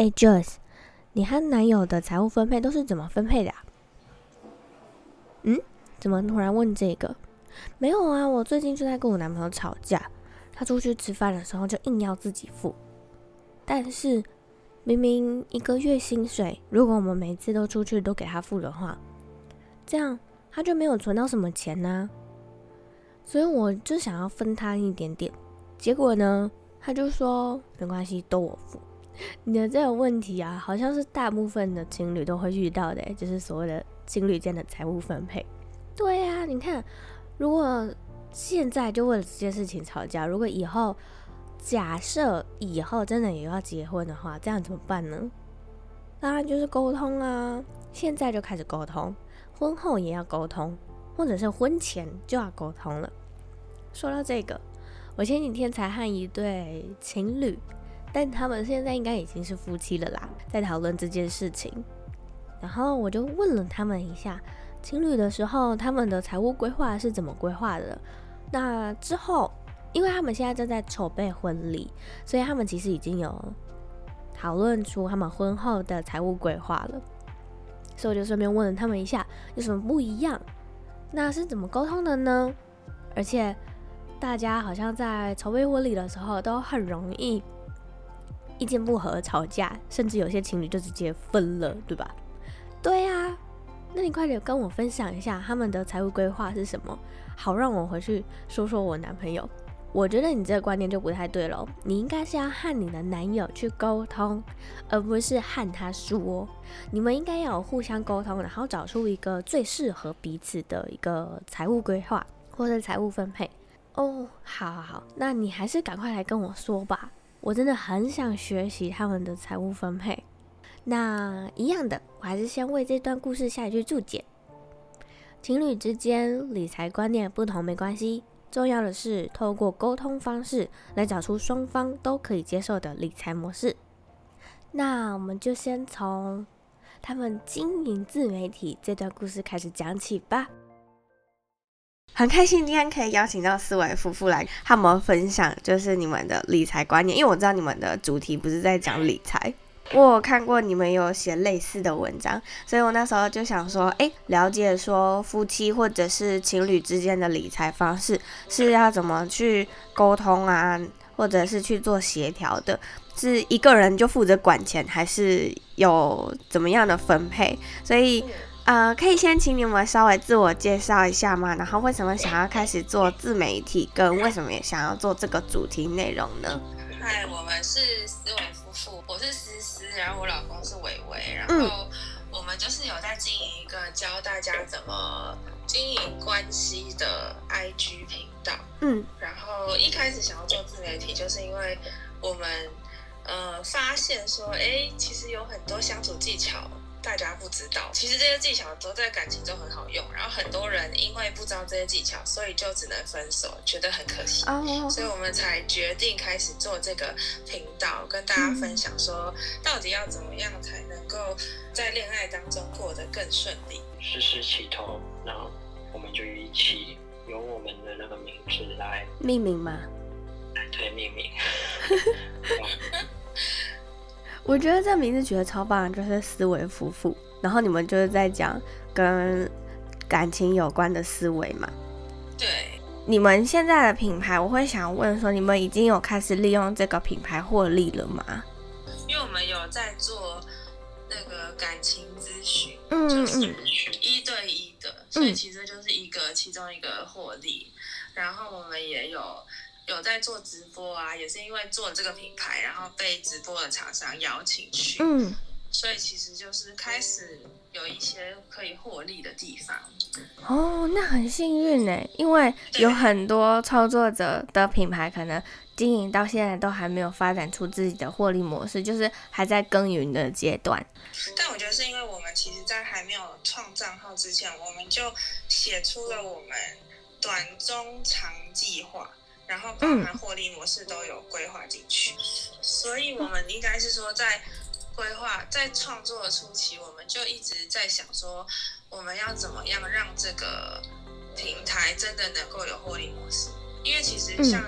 哎，Joyce 你和男友的財務分配都是怎麼分配的啊？嗯？怎麼突然問這個？沒有啊，我最近就在跟我男朋友吵架。他出去吃飯的時候就硬要自己付，但是明明一個月薪水，如果我們每次都出去都給他付的話，這樣他就沒有存到什麼錢呢。所以我就想要分攤一點點，結果呢，他就說沒關係，都我付。你的這個問題啊，好像是大部分的情侶都會遇到的、欸，就是所謂的情侶間的財務分配。對呀，啊，你看，如果現在就為了這件事情吵架，如果以後假設以後真的也要結婚的話，這樣怎麼辦呢？當然就是溝通啊，現在就開始溝通，婚後也要溝通，或者是婚前就要溝通了。說到這個，我前幾天才和一對情侶。但他們現在應該已經是夫妻了啦，在討論這件事情。然後我就問了他們一下，情侶的時候他們的財務規劃是怎麼規劃的？那之後，因為他們現在正在籌備婚禮，所以他們其實已經有討論出他們婚後的財務規劃了。所以我就順便問了他們一下，有什麼不一樣？那是怎麼溝通的呢？而且大家好像在籌備婚禮的時候都很容易。意見不合吵架，甚至有些情侶就直接分了，對吧？對啊，那你快點跟我分享一下他們的財務規劃是什麼，好讓我回去說說我男朋友。我覺得你這個觀念就不太對了哦，你應該是要和你的男友去溝通，而不是和他說哦。你們應該要互相溝通，然後找出一個最適合彼此的一個財務規劃或者財務分配。哦，好好好，那你還是趕快來跟我說吧。我真的很想學習他們的財務分配。那一樣的，我還是先為這段故事下一句注解。情侶之間理財觀念不同沒關係，重要的是透過溝通方式來找出雙方都可以接受的理財模式。那我們就先從他們經營自媒體這段故事開始講起吧。很開心今天可以邀請到思維夫婦來和我們分享，就是你們的理財觀念。因為我知道你們的主題不是在講理財，我有看過你們有寫類似的文章，所以我那時候就想說，哎、欸，了解說夫妻或者是情侶之間的理財方式是要怎麼去溝通啊，或者是去做協調的，是一個人就負責管錢，還是有怎麼樣的分配？所以。呃，可以先請你們稍微自我介紹一下嗎？然後為什麼想要開始做自媒體，跟為什麼也想要做這個主題內容呢？嗨，我們是思維夫婦，我是思思，然後我老公是偉偉，然後我們就是有在經營一個教大家怎麼經營關係的 IG 頻道。嗯，然後一開始想要做自媒體，就是因為我們呃發現說，哎，其實有很多相處技巧。大家不知道，其實這些技巧都在感情中很好用。然後很多人因為不知道這些技巧，所以就只能分手，覺得很可惜。Oh. 所以我們才決定開始做這個頻道，跟大家分享說，到底要怎麼樣才能夠在戀愛當中過得更順利。事事起頭，那我們就一起用我們的那個名字來命名嗎？對，命名。 我覺得這名字取得超棒，就是思維夫婦。然後你們就是在講跟感情有關的思維嘛。對，你們現在的品牌，我會想問說，你們已經有開始利用這個品牌獲利了嗎？因為我們有在做那個感情諮詢，嗯、就是一對一的，嗯、所以其實就是一個其中一個獲利。然後我們也有。有在做直播啊，也是因為做這個品牌，然後被直播的廠商邀請去，嗯，所以其實就是開始有一些可以獲利的地方。哦，那很幸運呢，對因為有很多操作者的品牌可能經營到現在都還沒有發展出自己的獲利模式，就是還在耕耘的階段。但我覺得是因為我們其實，在還沒有創賬號之前，我們就寫出了我們短、中、長計劃。然後包含獲利模式都有規劃進去，所以我們應該是說在規劃在創作初期，我們就一直在想說，我們要怎麼樣讓這個平台真的能夠有獲利模式？因為其實像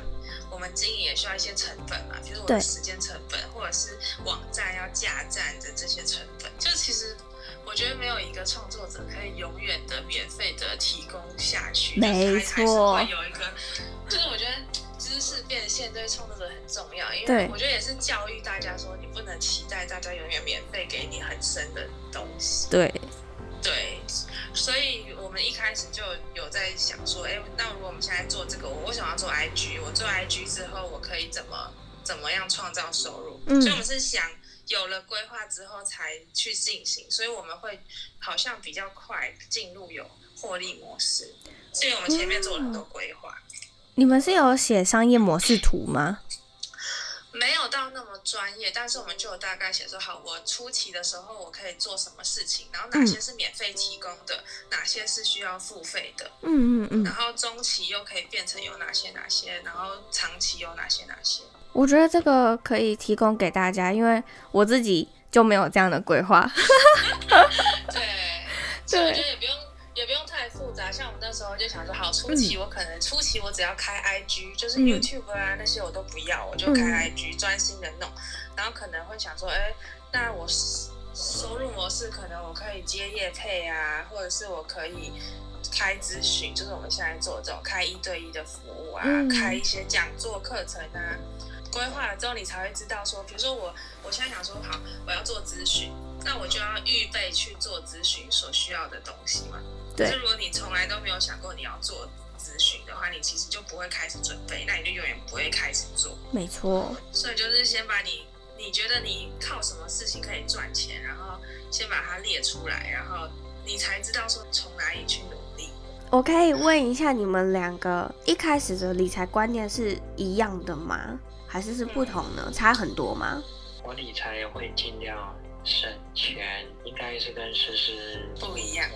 我們經營也需要一些成本嘛，就是我的時間成本，或者是網站要架站的這些成本，就其實。我覺得沒有一個創作者可以永遠的免費的提供下去，沒錯。還是會有一個，就是我覺得知識變現對創作者很重要，對因為我覺得也是教育大家說，你不能期待大家永遠免費給你很深的東西。對，對，所以我們一開始就有在想說，哎，那如果我們現在做這個，我想要做 IG，我做 IG 之後我可以怎麼怎麼樣創造收入？嗯，所以，我們是想。有了規劃之後才去進行，所以我們會好像比較快進入有獲利模式，是因為我們前面做了很多規劃。嗯、你們是有寫商業模式圖嗎？沒有到那麼專業，但是我們就有大概寫說，好，我初期的時候我可以做什麼事情，然後哪些是免費提供的，嗯、哪些是需要付費的，嗯嗯嗯，然後中期又可以變成有哪些哪些，然後長期有哪些哪些。我覺得這個可以提供給大家，因為我自己就沒有這樣的規劃。 對，所以我覺得也不用，也不用太複雜。像我們那時候就想說，好，初期我可能、嗯、初期我只要開 IG，就是 YouTube 啊、嗯、那些我都不要，我就開 IG 嗯、專心的弄。然後可能會想說，哎、欸，那我收入模式可能我可以接業配啊，或者是我可以開諮詢，就是我們現在做這種開一對一的服務啊，嗯、開一些講座課程啊。規劃了之後，你才會知道說，比如說我，我現在想說好，我要做諮詢，那我就要預備去做諮詢所需要的東西嘛。對。可是如果你從來都沒有想過你要做諮詢的話，你其實就不會開始準備，那你就永遠不會開始做。沒錯。所以就是先把你你覺得你靠什麼事情可以賺錢，然後先把它列出來，然後你才知道說從哪裡去努力。我可以問一下，你們兩個一開始的理財觀念是一樣的嗎？還是是不同的，嗯、差很多嗎？我理財會盡量省錢，應該是跟詩詩不一樣。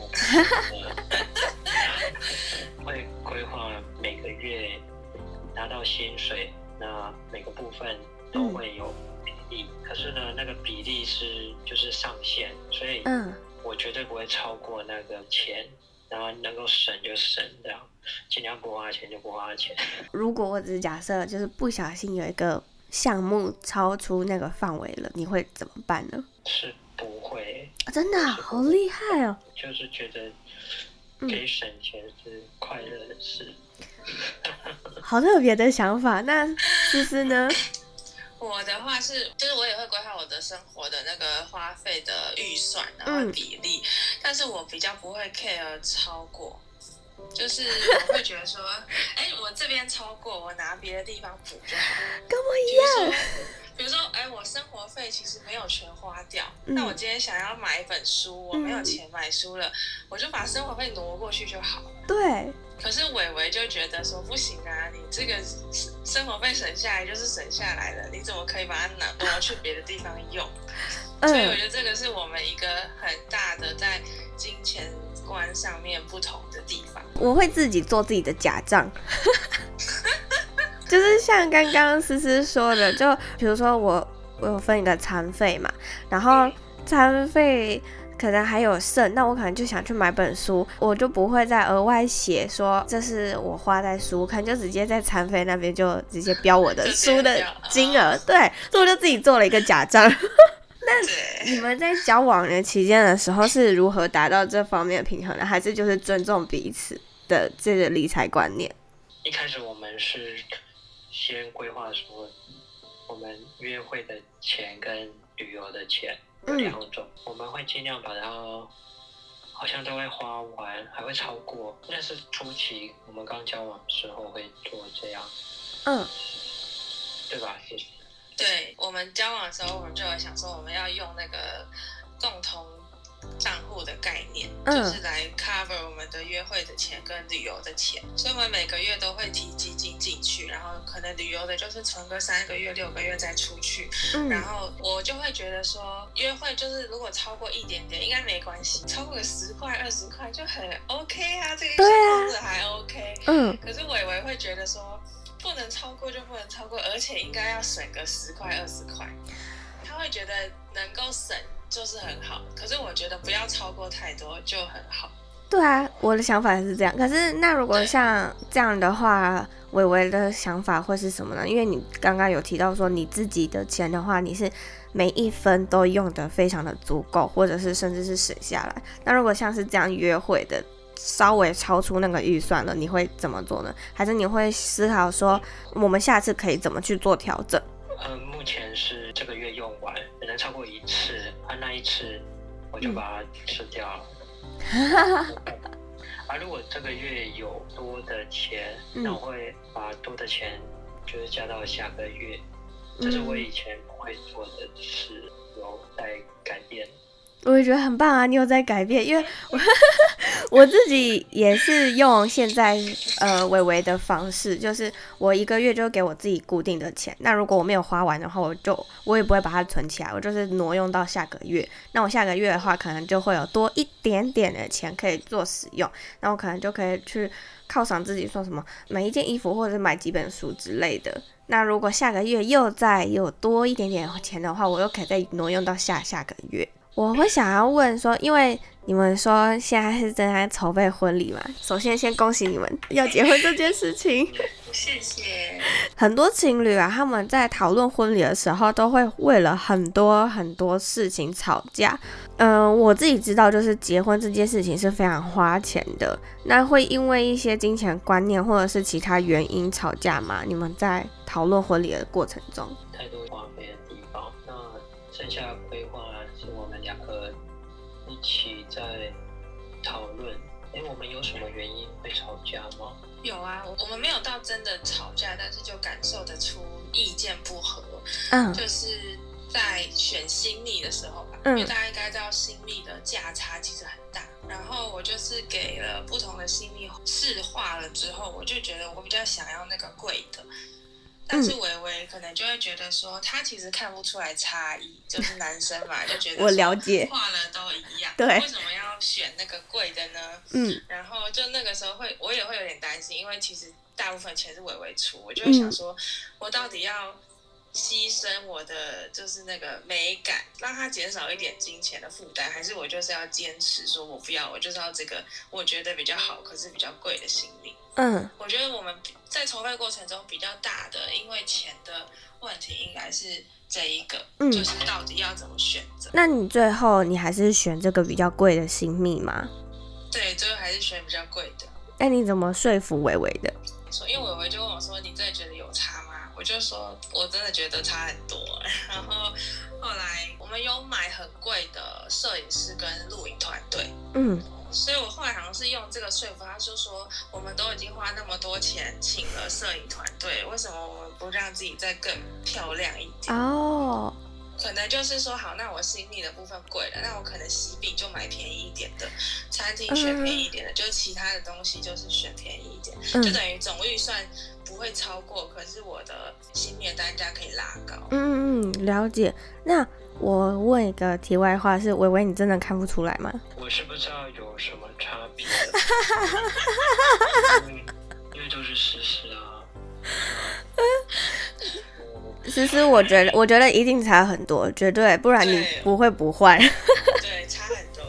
我 會規劃每個月拿到薪水，那每個部分都會有比例。嗯、可是呢，那個比例是就是上限，所以嗯，我絕對不會超過那個錢，然後能夠省就省這樣。儘量不花錢就不花錢。如果我只是假設，就是不小心有一個項目超出那個範圍了，你會怎麼辦呢？是不會。哦、真的、啊、好厲害哦！就是覺得給省錢是快樂的事。嗯、 好特別的想法。那其實呢？我的話是，就是我也會規劃我的生活的那個花費的預算，然後比例，嗯、但是我比較不會 care 超過。就是我會覺得說，哎、欸，我這邊超過，我拿別的地方補就好了。跟我一樣。比如說，哎、欸，我生活費其實沒有全花掉，那、嗯、我今天想要買一本書，我沒有錢買書了，嗯、我就把生活費挪過去就好。對。可是偉偉就覺得說，不行啊，你這個生活費省下來就是省下來的，你怎麼可以把它挪去別的地方用？所以我覺得這個是我們一個很大的在金錢觀上面不同的地方。嗯。我會自己做自己的假賬， 就是像剛剛思思說的，就比如說我我有分一個餐費嘛，然後餐費可能還有剩，那我可能就想去買本書，我就不會再額外寫說這是我花在書，可能就直接在餐費那邊就直接標我的書的金額， 對，所以我就自己做了一個假賬。 那你們在交往的期間的時候是如何達到這方面平衡的？還是就是尊重彼此的這個理財觀念？一開始我們是先規劃說，我們約會的錢跟旅遊的錢有兩種，嗯、我們會盡量把它好像都會花完，還會超過。那是初期我們剛交往的時候會做這樣，嗯，對吧？謝謝。對，我們交往的時候，我們就會想說，我們要用那個共同賬戶的概念，嗯、就是來 cover 我們的約會的錢跟旅遊的錢。所以我們每個月都會提基金進去，然後可能旅遊的就是存個三個月、六個月再出去。嗯、然後我就會覺得說，約會就是如果超過一點點，應該沒關係，超過個十塊、二十塊就很 OK 啊，這個樣子還 OK、啊。嗯。可是偉偉會覺得說。不能超過就不能超過，而且應該要省個十塊二十塊。他會覺得能夠省就是很好，可是我覺得不要超過太多就很好。對啊，我的想法是這樣。可是那如果像這樣的話，偉偉對的想法會是什麼呢？因為你剛剛有提到說你自己的錢的話，你是每一分都用得非常的足夠，或者是甚至是省下來。那如果像是這樣約會的，稍微超出那個預算了，你會怎麼做呢？還是你會思考說，我們下次可以怎麼去做調整？嗯、呃，目前是這個月用完，只能超過一次，啊、那一次我就把它吃掉了。而、嗯 啊、如果這個月有多的錢，我、嗯、會把多的錢就是加到下個月。嗯、這是我以前會做的事，有在改變。我也覺得很棒啊！你有在改變，因為我，呵呵，我自己也是用現在呃微微的方式，就是我一個月就給我自己固定的錢。那如果我沒有花完的話，我就我也不會把它存起來，我就是挪用到下個月。那我下個月的話，可能就會有多一點點的錢可以做使用。那我可能就可以去犒賞自己，說什麼買一件衣服，或者買幾本書之類的。那如果下個月又再有多一點點錢的話，我又可以再挪用到下下個月。我會想要問說，因為你們說現在是正在籌備婚禮嘛？首先，先恭喜你們要結婚這件事情，謝謝。很多情侶啊，他們在討論婚禮的時候，都會為了很多很多事情吵架。嗯、呃，我自己知道，就是結婚這件事情是非常花錢的。那會因為一些金錢觀念，或者是其他原因吵架嗎？你們在討論婚禮的過程中，太多花費的地方，那剩下。真的吵架，但是就感受得出意見不合。嗯，就是在選新秘的時候吧，嗯，因為大家應該知道新秘的價差其實很大。然後我就是給了不同的新秘試妝了之後，我就覺得我比較想要那個貴的，但是維維可能就會覺得說，他其實看不出來差異，就是男生嘛，就覺得我了解化了都一樣，對，為什麼要選那個貴的呢？嗯，然後就那個時候會我也會有點擔心，因為其實。大部分錢是偉偉出，我就會想說，嗯、我到底要犧牲我的就是那個美感，讓它減少一點金錢的負擔，還是我就是要堅持說我不要，我就是要這個我覺得比較好，可是比較貴的新秘。嗯，我覺得我們在籌備過程中比較大的，因為錢的問題，應該是這一個，嗯、就是到底要怎麼選擇。那你最後你還是選這個比較貴的新秘嗎？對，最後還是選比較貴的。那、欸、你怎麼說服偉偉的？因為瑋瑋就問我說：“你真的覺得有差嗎？”我就說：“我真的覺得差很多。”然後後來我們有買很貴的攝影師跟錄影團隊，嗯，所以我後來好像是用這個說服他，就說：“我們都已經花那麼多錢請了攝影團隊，為什麼我們不讓自己再更漂亮一點？”哦。可能就是說，好，那我心裡的部分貴了，那我可能喜餅就買便宜一點的，餐廳選便宜一點的，嗯、就是其他的東西就是選便宜一點，嗯、就等於總預算不會超過，可是我的心裡的單價可以拉高。嗯嗯，了解。那我問一個題外話，是微微，你真的看不出來嗎？我是不知道有什麼差別， 因為都是事實啊。 思思，其實我覺得，我覺得一定差很多，絕對，不然你不會不換。 對，差很多。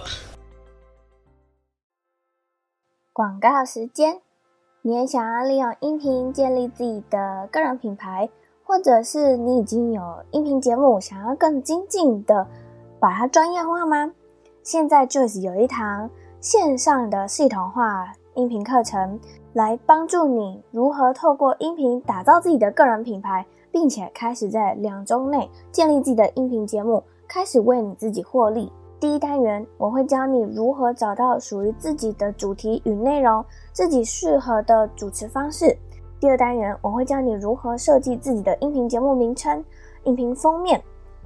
廣告時間，你也想要利用音頻建立自己的個人品牌，或者是你已經有音頻節目，想要更精進的把它專業化嗎？現在就是有一堂線上的系統化音頻課程，來幫助你如何透過音頻打造自己的個人品牌。並且開始在兩周內建立自己的音頻節目，開始為你自己獲利。第一單元，我會教你如何找到屬於自己的主題與內容，自己適合的主持方式。第二單元，我會教你如何設計自己的音頻節目名稱、音頻封面。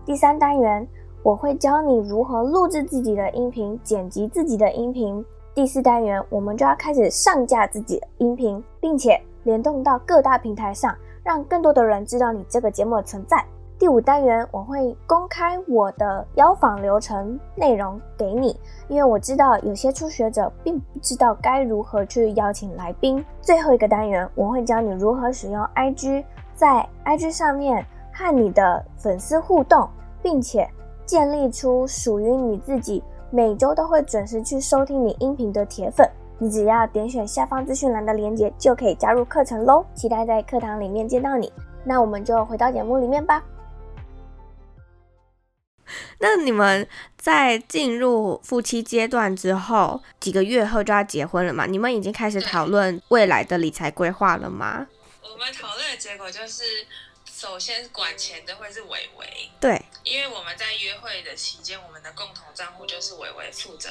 第三單元，我會教你如何錄制自己的音頻、剪輯自己的音頻。第四單元，我們就要開始上架自己的音頻，並且聯動到各大平台上。讓更多的人知道你這個節目的存在。第五單元，我會公開我的邀訪流程內容給你，因為我知道有些初學者並不知道該如何去邀請來賓。最後一個單元，我會教你如何使用 IG，在 IG 上面和你的粉絲互動，並且建立出屬於你自己，每周都會準時去收聽你音頻的鐵粉。你只要點選下方資訊欄的鏈接，就可以加入課程嘍。期待在課堂裡面見到你。那我們就回到節目裡面吧。那你們在進入夫妻階段之後，幾個月後就要結婚了嗎？你們已經開始討論未來的理財規劃了嗎？我們討論的結果就是，首先管錢的會是偉偉。對，因為我們在約會的期間，我們的共同賬戶就是偉偉負責。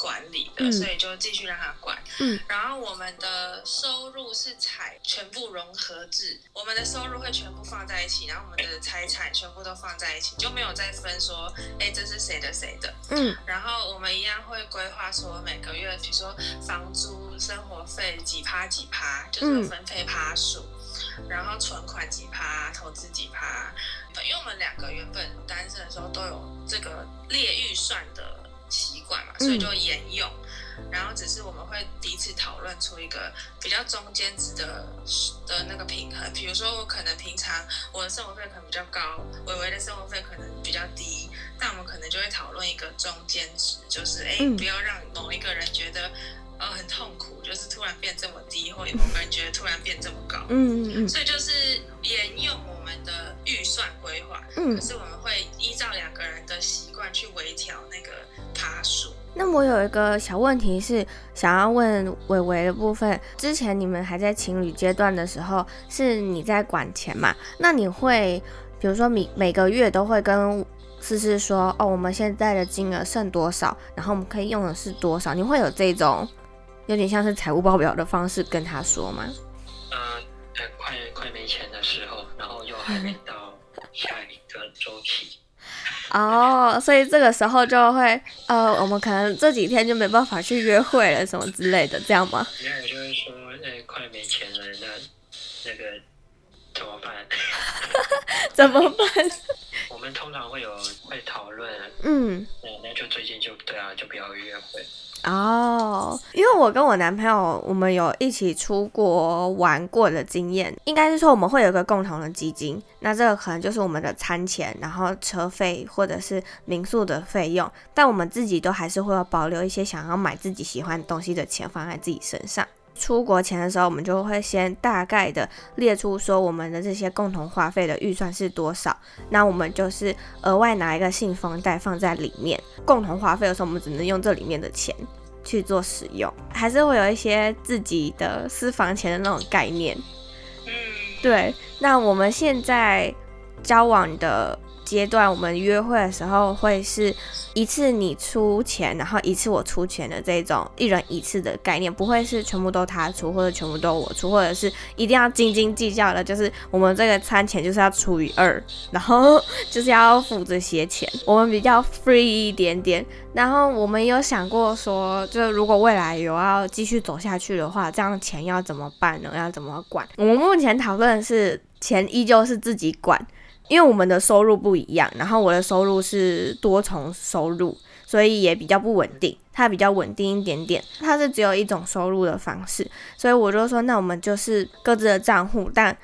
管理的，所以就繼續讓他管。嗯，嗯，然後我們的收入是財，全部融合制，我們的收入會全部放在一起，然後我們的財產全部都放在一起，就沒有再分說，哎、欸，這是誰的誰的。嗯，然後我們一樣會規劃說，每個月比如說房租、生活費幾趴幾趴，就是分配趴數，嗯、然後存款幾趴，投資幾趴。因為我們兩個原本單身的時候都有這個列預算的。嗯、所以就沿用，然後只是我們會第一次討論出一個比較中間值的的那個平衡。比如說，我可能平常我的生活費可能比較高，維維的生活費可能比較低，那我們可能就會討論一個中間值，就是哎、欸，不要讓某一個人覺得。呃，很痛苦，就是突然變這麼低，或有個人覺得突然變這麼高，嗯嗯嗯，嗯所以就是沿用我們的預算規劃，嗯，可是我們會依照兩個人的習慣去微調那個卡數。那我有一個小問題是想要問維維的部分，之前你們還在情侶階段的時候，是你在管錢嘛？那你會，比如說每每個月都會跟思思說，哦，我們現在的金額剩多少，然後我們可以用的是多少？你會有這種？有點像是財務報表的方式跟他說嗎？呃，欸、快快沒錢的時候，然後又還沒到下一個週期。 哦，所以這個時候就會呃，我們可能這幾天就沒辦法去約會了，什麼之類的，這樣嗎？就是說，哎、欸，快沒錢了，那那個怎麼辦？怎麼辦？ 怎麼辦。我們通常會有會討論，嗯，對、嗯，那就最近就對啊，就不要約會。哦，oh, 因為我跟我男朋友，我們有一起出國玩過的經驗，應該是說我們會有個共同的基金，那這個可能就是我們的餐錢，然後車費或者是民宿的費用，但我們自己都還是會有保留一些想要買自己喜歡的東西的錢放在自己身上。出國前的時候，我們就會先大概的列出說我們的這些共同花費的預算是多少，那我們就是額外拿一個信封袋放在裡面，共同花費的時候我們只能用這裡面的錢去做使用，還是會有一些自己的私房錢的那種概念。對，那我們現在交往的階段，我們約會的時候會是一次你出錢，然後一次我出錢的這種一人一次的概念，不會是全部都他出，或者全部都我出，或者是一定要斤斤計較的。就是我們這個餐錢就是要除以二，然後就是要付這些錢。我們比較 free 一點點。然後我們有想過說，就如果未來有要繼續走下去的話，這樣錢要怎麼辦呢？要怎麼管？我們目前討論的是錢依舊是自己管。因為我們的收入不一樣，然後我的收入是多重收入，所以也比較不穩定。他比較穩定一點點，他是只有一種收入的方式，所以我就說，那我們就是各自的賬戶。但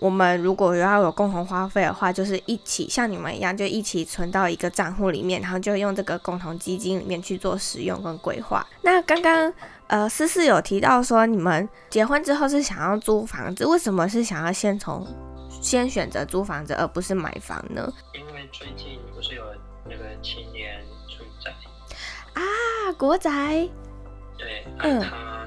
我們如果要有共同花費的話，就是一起像你們一樣，就一起存到一個賬戶裡面，然後就用這個共同基金裡面去做使用跟規劃。那剛剛呃，思思有提到說，你們結婚之後是想要租房子，為什麼是想要先從？先選擇租房子，而不是買房呢？因為最近不是有那個青年住宅啊、國宅。對，嗯啊、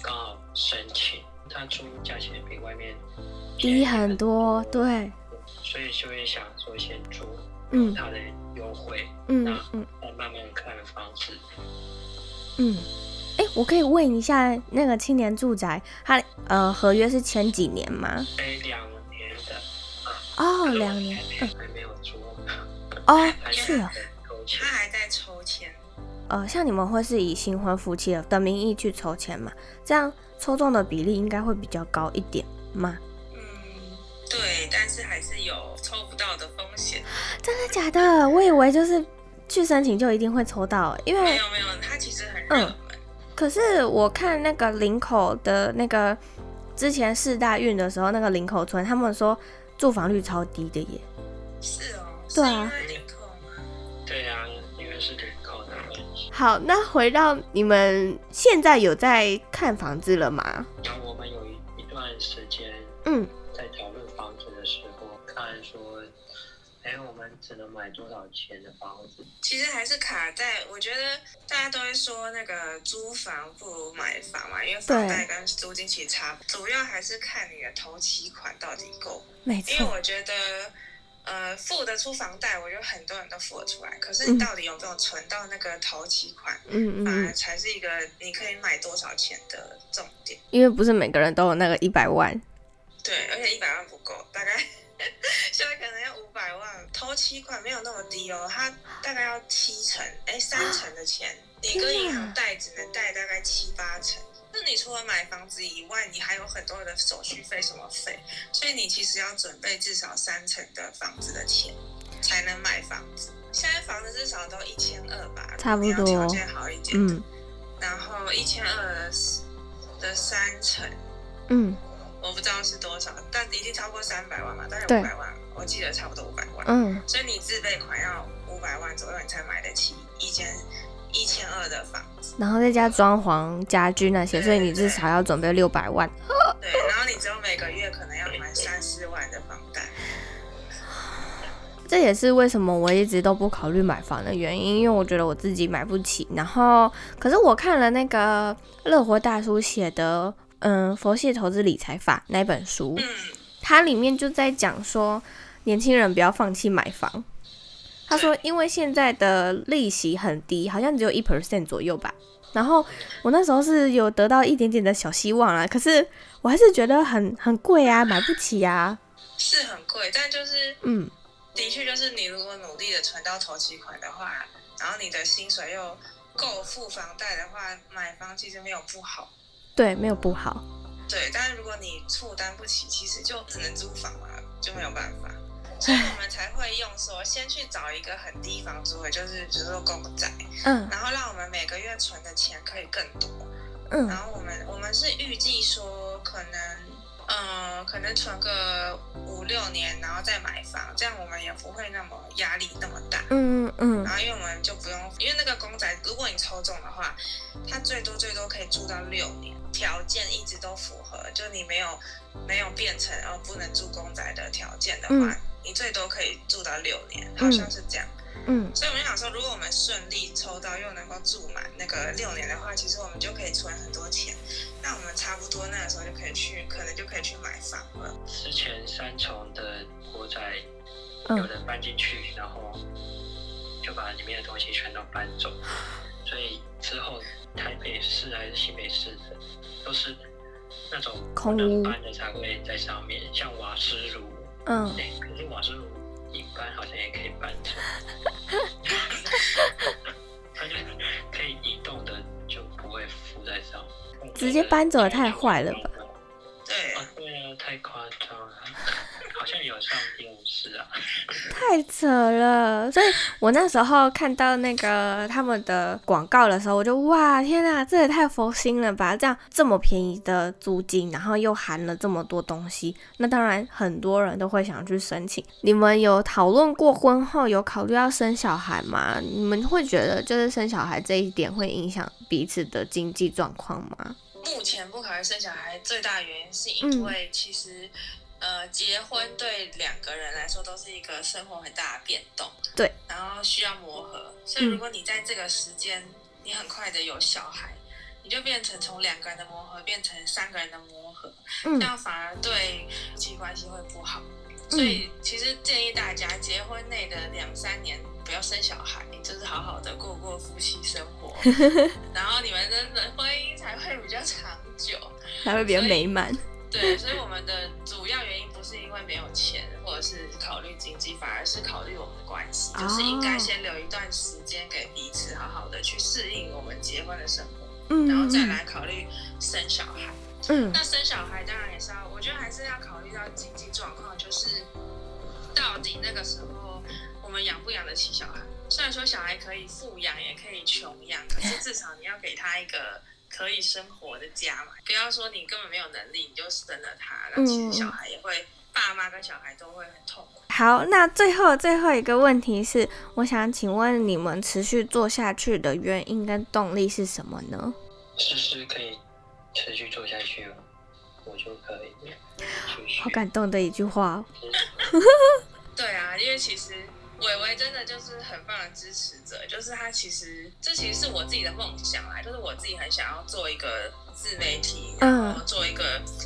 他剛好申請，他租價錢比外面很低很多，對。所以就會想說先租，嗯，他的優惠，然後慢慢看房子。嗯，哎、嗯欸，我可以問一下，那個青年住宅，他呃，合約是簽幾年嗎？欸兩年、嗯、還沒有哦，是了，他還在抽籤。呃，像你們會是以新婚夫妻的名義去抽籤嗎？這樣抽中的比例應該會比較高一點嗎？嗯，對，但是還是有抽不到的風險。真的假的？我以為就是去申請就一定會抽到，因為沒有沒有，他其實很嗯，可是我看那個林口的那個之前世大運的時候，那個林口村，他們說。住房率超低的耶，是哦，對啊，對啊，因為是人口的關係。好，那回到你們現在有在看房子了嗎？那我們有一一段時間，嗯，在討論房子的時候，看說。我們只能買多少錢的房子？其實還是卡在，我覺得大家都會說那個租房不如買房嘛，因為房貸跟租金其實差不多，主要還是看你的頭期款到底夠、嗯、沒。因為我覺得，呃，付得出房貸，我覺得很多人都付得出來。可是你到底有沒有存到那個頭期款？嗯嗯、呃，才是一個你可以買多少錢的重點。因為不是每個人都有那個一百萬，對，而且一百萬不夠，大概。 現在可能要五百萬，頭期款沒有那麼低哦，它大概要七成，誒、欸，三成的錢，啊、你跟銀行貸只能貸大概七八成。那你除了買房子以外，你還有很多的手續費什麼費，所以你其實要準備至少三成的房子的錢，才能買房子。現在房子至少都一千二吧，他們要條件好一點，嗯、然後一千二的三成。嗯。我不知道是多少，但已經超過三百萬嘛，大概五百萬，對我記得差不多五百萬。嗯，所以你自備款要五百萬左右，你才買得起一間一千二的房子。然後再加裝潢、家具那些，對對對所以你至少要準備六百萬。對，然後你只有每個月可能要還三四萬的房貸。 這也是為什麼我一直都不考慮買房的原因，因為我覺得我自己買不起。然後，可是我看了那個樂活大叔寫的。嗯，《佛系投資理財法》那本書，嗯、它裡面就在講說，年輕人不要放棄買房。他說，因為現在的利息很低，好像只有一 percent 左右吧。然後我那時候是有得到一點點的小希望啊，可是我還是覺得很很貴啊，買不起啊。是很貴，但就是嗯，的確就是你如果努力的存到頭期款的話，然後你的薪水又夠付房貸的話，買房其實沒有不好。對，沒有不好。對，但是如果你負擔不起，其實就只能租房嘛，啊，就沒有辦法。所以我們才會用說，先去找一個很低房租的，就是比如說公仔，嗯、然後讓我們每個月存的錢可以更多。嗯、然後我們我們是預計說可能。嗯、呃，可能存個五六年，然後再買房，這樣我們也不會那麼壓力那麼大。嗯嗯然後因為我們就不用，因為那個公仔，如果你抽中的話，它最多最多可以住到六年，條件一直都符合，就你沒有沒有變成然後、呃、不能住公仔的條件的話，嗯、你最多可以住到六年，好像是這樣。嗯嗯，所以我就想說，如果我們順利抽到又能夠住滿那個六年的話，其實我們就可以存很多錢。那我們差不多那個時候就可以去，可能就可以去買房了。之前三重的國宅有人搬進去，然後就把裡面的東西全都搬走。嗯、所以之後台北市還是新北市的，都是那種不能搬的才會在上面，像瓦斯爐。嗯，對，可是瓦斯爐。一般好像也可以搬走，而且可以移動的就不會附在上面。直接搬走也太壞了吧？對啊，對啊，太誇張了。好像有上電視啊！ 太扯了！所以我那時候看到那個他們的廣告的時候，我就哇天吶、啊，這也太佛心了吧！這樣這麼便宜的租金，然後又含了這麼多東西，那當然很多人都會想去申請。你們有討論過婚後有考慮要生小孩嗎？你們會覺得就是生小孩這一點會影響彼此的經濟狀況嗎？目前不考慮生小孩最大原因是因為其實、嗯。呃、嗯，結婚對兩個人來說都是一個生活很大的變動，對，然後需要磨合。所以如果你在這個時間，嗯、你很快的有小孩，你就變成從兩個人的磨合變成三個人的磨合，嗯、這樣反而對夫妻關係會不好。所以其實建議大家，結婚內的兩三年不要生小孩，你就是好好的過過夫妻生活， 然後你們真的婚姻才會比較長久，才會比較美滿。對，所以我們的主要原因不是因為沒有錢或者是考慮經濟，反而是考慮我們的關係，oh. 就是應該先留一段時間給彼此好好的去適應我們結婚的生活，mm hmm. 然後再來考慮生小孩。嗯、mm，hmm. 那生小孩當然也是要，我覺得還是要考慮到經濟狀況，就是到底那個時候我們養不養得起小孩？雖然說小孩可以富養，也可以窮養，可是至少你要給他一個。可以生活的家嘛，不要說你根本沒有能力，你就生了他了。嗯、其實小孩也會，爸媽跟小孩都會很痛苦。好，那最後最後一個問題是，我想請問你們持續做下去的原因跟動力是什麼呢？其實可以持續做下去，我就可以。好感動的一句話。 對啊，因為其實。偉偉真的就是很棒的支持者，就是他其實這其實是我自己的夢想來，就是我自己很想要做一個自媒體，嗯，然後做一個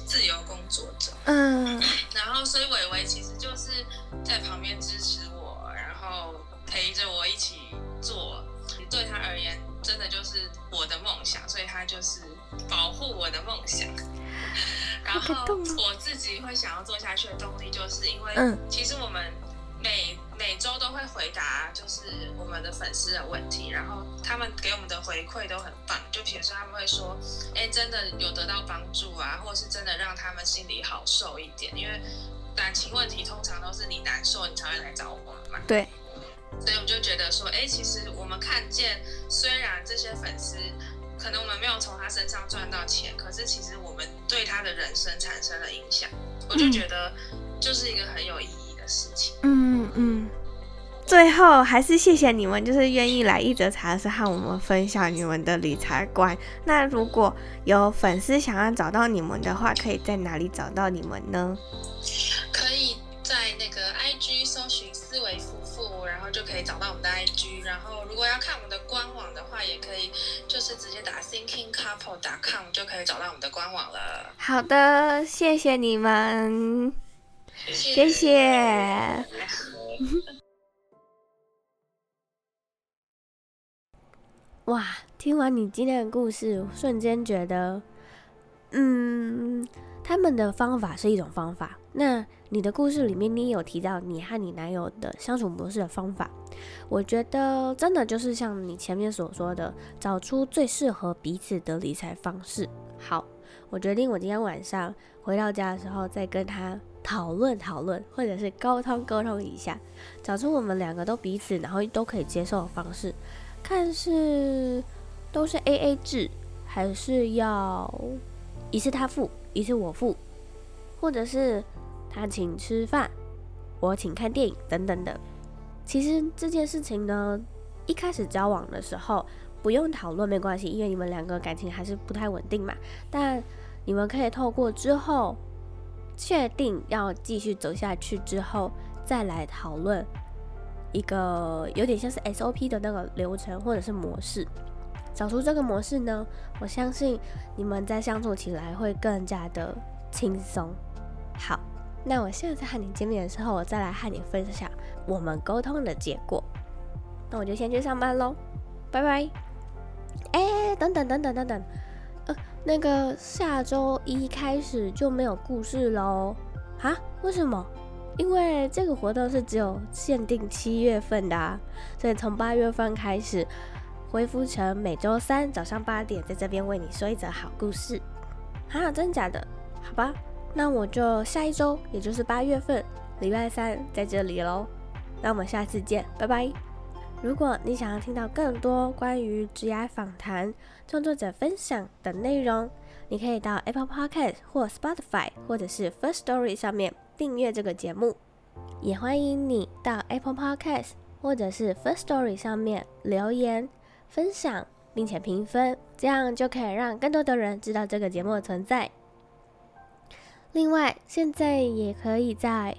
自由工作者，嗯，然後所以偉偉其實就是在旁邊支持我，然後陪着我一起做，對他而言真的就是我的夢想，所以他就是保護我的夢想。然後我自己會想要做下去的動力，就是因為其實我們每每週都會回答，就是我們的粉絲的問題，然後他們給我們的回饋都很棒。就比如說，他們會說：“哎，真的有得到幫助啊，或者是真的讓他們心裡好受一點。”因為感情問題通常都是你難受，你才會來找我們嘛。對。所以我就覺得說：“哎，其實我們看見，雖然這些粉絲可能我們沒有從他身上賺到錢，可是其實我們對他的人生產生了影響。嗯”我就覺得就是一個很有意義的事情。嗯。最後還是謝謝你們，就是願意來一則茶室和我們分享你們的理財觀。那如果有粉絲想要找到你們的話，可以在哪裡找到你們呢？可以在那個 IG 搜尋思維夫婦，然後就可以找到我們的 IG。然後如果要看我們的官網的話，也可以就是直接打 thinkingcouple.com 就可以找到我們的官網了。好的，謝謝你們，謝謝。謝謝謝謝哇，聽完你今天的故事，瞬間覺得，嗯，他們的方法是一種方法。那你的故事裡面，你有提到你和你男友的相處模式的方法，我覺得真的就是像你前面所說的，找出最適合彼此的理財方式。好，我決定我今天晚上回到家的時候，再跟他討論討論，或者是溝通溝通一下，找出我們兩個都彼此然後都可以接受的方式。看是都是 AA 制，還是要一次他付，一次我付，或者是他請吃飯，我請看電影等等等。其實這件事情呢，一開始交往的時候不用討論沒關係，因為你們兩個感情還是不太穩定嘛。但你們可以透過之後確定要繼續走下去之後再來討論。一個有點像是 SOP 的那個流程或者是模式。找出這個模式呢，我相信你們在相處起來會更加的輕鬆。好，那我下次和你見面的時候，我再來和你分享我們溝通的結果。那我就先去上班嘍，拜拜。哎、欸，等等等等等等，呃，那個下周一開始就沒有故事嘍？啊？為什麼？因為這個活動是只有限定七月份的。啊，所以從八月份開始恢復成每周三早上八點在這邊為你說一則好故事。哈哈，真假的？好吧，那我就下一周，也就是八月份禮拜三在這裡嘍。那我們下次見，拜拜。如果你想要聽到更多關於職業訪談、創作者分享等內容，你可以到 Apple Podcast 或 Spotify 或者是 First Story 上面。訂閱這個節目，也歡迎你到 Apple Podcast 或者是 Firstory 上面留言、分享，並且評分，這樣就可以讓更多的人知道這個節目的存在。另外，現在也可以在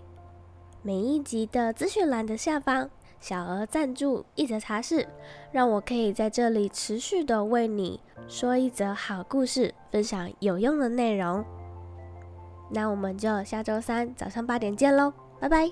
每一集的資訊欄的下方小額贊助一則茶室，讓我可以在這裡持續的為你說一則好故事，分享有用的內容。那我們就下周三早上八點見嘍，拜拜。